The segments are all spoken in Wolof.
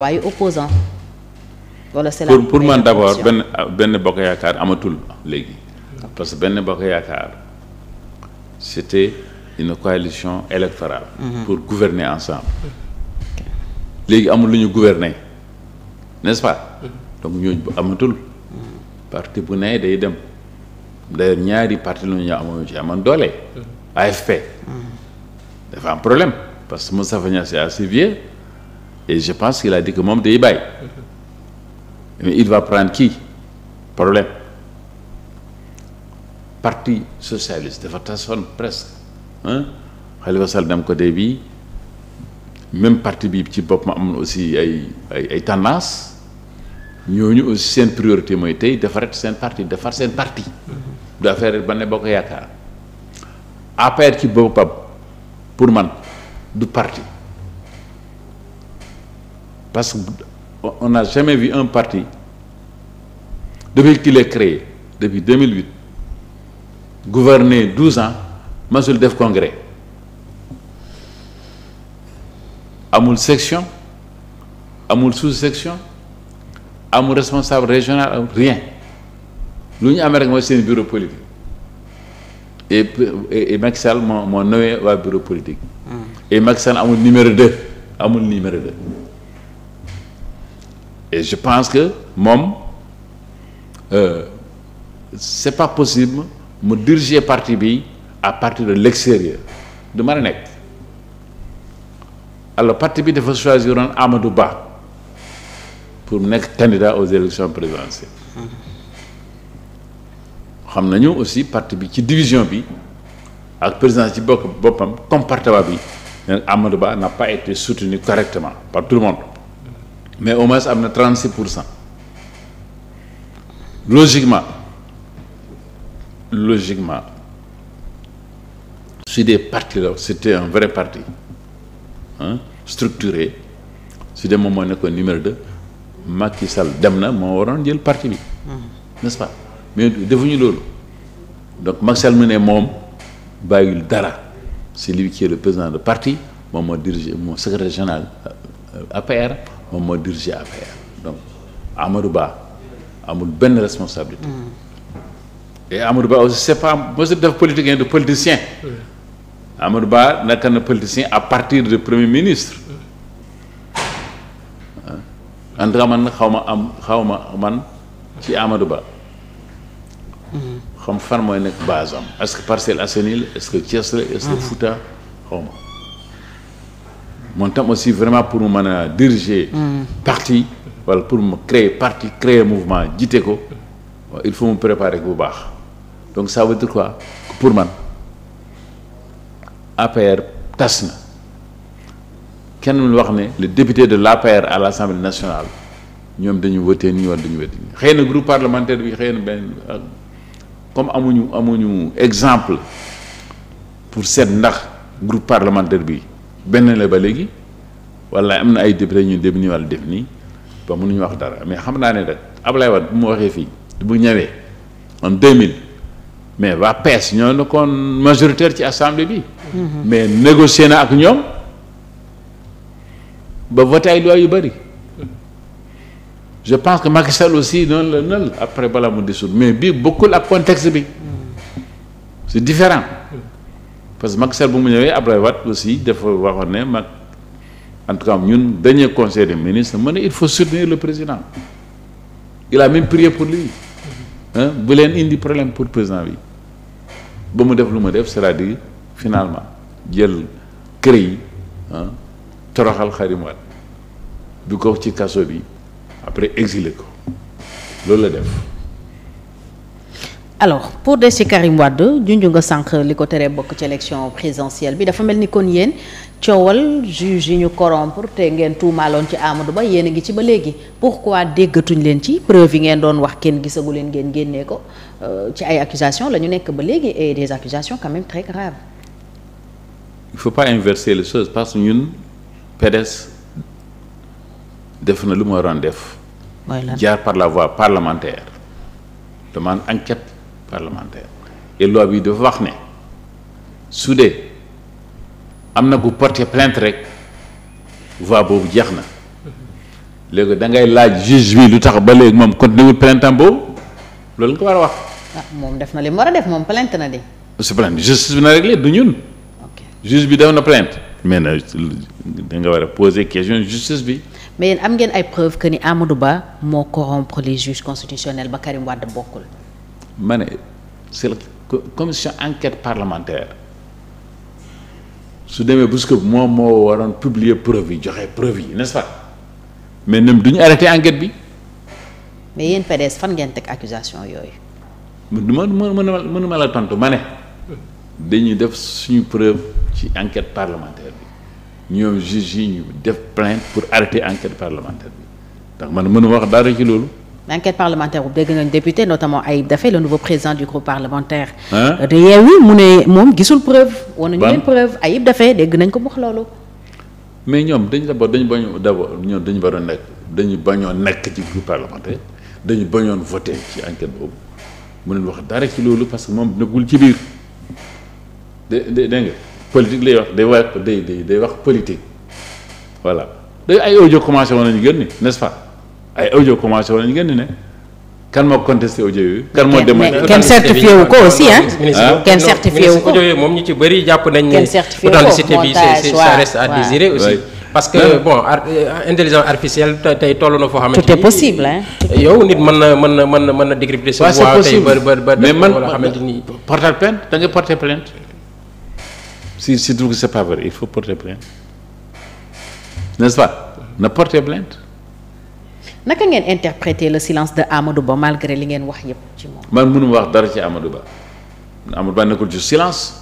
waaye opposant wala c'est la pour pour man d'abord benn ah, benn bokk yaakaar amatul léegi parce que benn bokk yaakaar c'était une coalition électorale mm -hmm. pour gouverner ensemble léegi amul lu ñu gouverner n'est-ce pas mm-hmm. donc ñooñu amatul mm-hmm. parti bu ne day dem d'ailleurs ñaari parti lu ñu amoon ci amoon doole mm-hmm. AFP dafa am problème parce que Moustapha Niasse est assez vieux et je pense qu'il a dit que moom day bàyyi mais il va prendre qui problème parti socialiste dafa tasoon presque ah Khalifa Sall dem côté bii même parti bi ci boppam am na aussi ay ay ay tendance ñooñu aussi seen priorité mooy tey defarat seen partie parti defar seen partie du affaire ba ne boo ko yaakaar APR ci boppam pour man du parti Parce que qu'on n'a jamais vu un parti, depuis qu'il est créé, depuis 2008, gouverner 12 ans, Masul Def Congrès. amul section amul sous-section amul responsable régional amul rien lu ñu amee rek mooy seen bureau politique et et Macky Sall moo moo nowee waa bureau politique. Hmm. et Macky amul numéro 2 amul numéro 2. et je pense que moom euh, c'est pas possible mu diriger parti bi à partir de l'extérieur du mën a nekk alors parti bi dafa choisir woon Amadou Ba pour nekk candidat aux élections présidentielles xam na nañu aussi parti bi ci division bi ak présidence ci bokk boppam comportement bi neen Amadou Ba n'a pas été soutenu correctement par tout le monde mais au moins am na 36 pour cent logiquement logiquement su dee parti la c'était un vrai parti ah structuré su dee moom moo nekkoon numéro de Macky Sall dem na moo waroon jël parti bi. n'est-ce pas mais defuñu loolu donc Macky mu ne moom bàyyil dara c'est lui lu est le président de parti moom moo dirigé moo secrétaire général. Euh, APR moom moo dirigé APR donc Amadou Ba amul benn responsabilité. Mmh. et Amadou Ba aussi c'est pas mosu def politique de politicien. Mmh. Amadou nekk na politicien à partir de premier ministre. ah man xaw ma am xawma ma man ci Amadou Ba. Mm. xam fan mooy nekk base am est-ce que Parcelles Assainies est-ce que Thiès est-ce que mm. Fouta xaw mon temps aussi vraiment pour mu mën a diriger. parti wala pour mu créer parti créer mouvement jiite ko il faut mu préparer bu baax donc ça veut dire quoi pour man APR tas na kenn mu wax ne le député de l'APR à l'Assemblée nationale ñoom dañu wëtee nii wala dañu wëtee nii xëy na groupe parlementaire bi xëy na benn comme amuñu amuñu exemple pour seet ndax groupe parlementaire bi benn la ba léegi wala am na ay député ñu dem nii wala def nii ba mënuñu wax dara mais xam naa ne rek Ablaye Wade bu mu waxee fii bu ñëwee en mille mais waa pes ñoo nekkoon majoritaire ci assemblée bi. Mm-hmm. mais négocier na ak ñoom ba voté ay loi yu bëri. je pense que Macky Sall aussi noonu la noonu après balaa mu dissoudre mais bii bokkul ak contexte bi. Mm-hmm. c'est différent. Mm-hmm. parce que Macky Sall bu mu ñëwee Abdoulaye Wade aussi dafa waxoon ne mag en tout cas ñun dernier conseil des ministres mu ne il faut soutenir le président il a même prié pour lui bu leen indi problème pour président bi ba mu def lu ma def c'est-à-dire finalement jël kër yi toroxal Karim Wade du ko ci kaso bi après exilé ko loolu la def alors pour des ci Karim Wade junju nga sànq li ko teree bokk ci élection présidentielle bi dafa mel ni kon yéen coowal juge yi ñu corrompre te ngeen tuumaaloon ci Amadou Ba yéen a ngi ci ba léegi pourquoi déggatuñ leen ci preuve yi ngeen doon wax kenn gisagu leen ngeen génnee ko euh, ci ay accusations la ñu nekk ba léegi et des accusations quand même très graves. il faut pas inverser les choses parce que ñun PDS def na lu ma waroon def. jaar par la voie parlementaire demande parlementaire et loi bi dafa wax ne su dee am na ku porter plainte rek voie boobu jeex na léegi da ngay laaj juge bi lu tax ba léegi moom continué wul plainte am boobu loolu nga war a wax. ah moom def na li mu a def moom plainte na de. su plainte justice bi na réglé du ñun. ok juge bi def na plainte. mais nag da nga war a poser question justice bi. mais yéen am ngeen ay preuves que ni Amadou Ba moo corrompre les juges constitutionnels ba Karim Wade bokkul. ma ne c'est la commission enquête parlementaire su demee bés bu moom moo waroon publier preuve yi joxe preuve yi n'est-ce pas mais ñoom du ñu arrêté enquête bi. mais yéen PDS fan ngeen teg accusation yooyu. ma ma mënuma la tontu ma ne dañuy def suñu preuve ci enquête parlementaire bi ñoom juge yi ñu def plainte pour arrêter enquête parlementaire bi ndax man mënuma wax dara ci loolu. enquête parlementaire bu dégg nañu député notamment Ayib Daffé le nouveau président du groupe parlementaire de Yewwi mu ne moom gisul preuve wan nañu leen preuve Ayib Daffé dégg nañ ko wax loolu mais ñoom dañ d'abord dañu bañu d'abord ñoom dañu war a nekk dañu bañoo nekk ci groupe parlementaire dañu bañoon voté ci enquête boobu mu mënul wax dara ci loolu parce que moom nekkul ci biir de dégg nga politique lay wax day day day day wax politique voilà day ay audio commencé woon nañu gën ni ay audio commencé woon nañu ngeen di ne kan moo contesté audio yooyu. kan moo demee kenn certifié ko aussi ah. kenn certifié wu ko audio moom ñu ci bëri jàpp nañ certifié wu ko montage parce que non. bon euh, intelligence tey toll na foo xamante ni tout est possible yow nit mën na mën na mën na mën na décrypter sa voix tey ba ba ba mais man porter plainte da ngay porter plainte si si tu c'est pas vrai il faut porter plainte n'est-ce pas naka ngeen interpréter la silence de Amadou Ba malgré li ngeen wax yëpp ci moom. man mënuma wax dara ci Amadou Ba Amadou Ba nekkul ci silence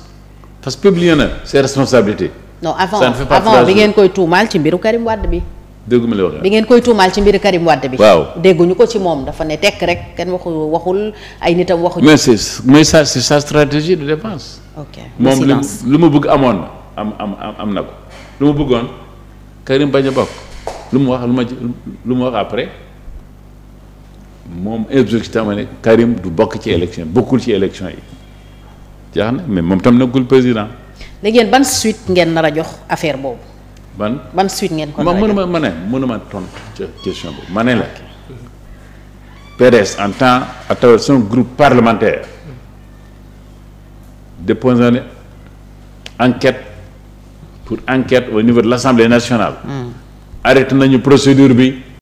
parce que publié na ses responsabilités. non avant avant bi ngeen koy tuumaal ci mbiru Karim wadd bi. déggu la wax bi ngeen koy tuumaal ci mbiru Karim Wade bi. waaw dégguñu ko ci moom dafa ne tekk rek kenn waxu waxul ay nitam waxu. mais c'est mais ça c'est sa stratégie de défense. ok moom lu ma bëgg amoon na am am am na ko lu ma bëggoon Karim bokk. lu mu wax lu ma lu mu wax après moom insurgita ma ne Karim du bokk ci élection bokkul ci élection yi jaax na mais moom tam nekkul président léegi yéen ban suite ngeen nar a jox affaire boobu ban ban suite ngeen ko nar a jox ma ma tontu ca question boobu ma ne la PDS en temps à travers son groupe parlementaire déposé na enquête pour enquête au niveau de l'Assemblée nationale hmm. arrêté nañu procédure bi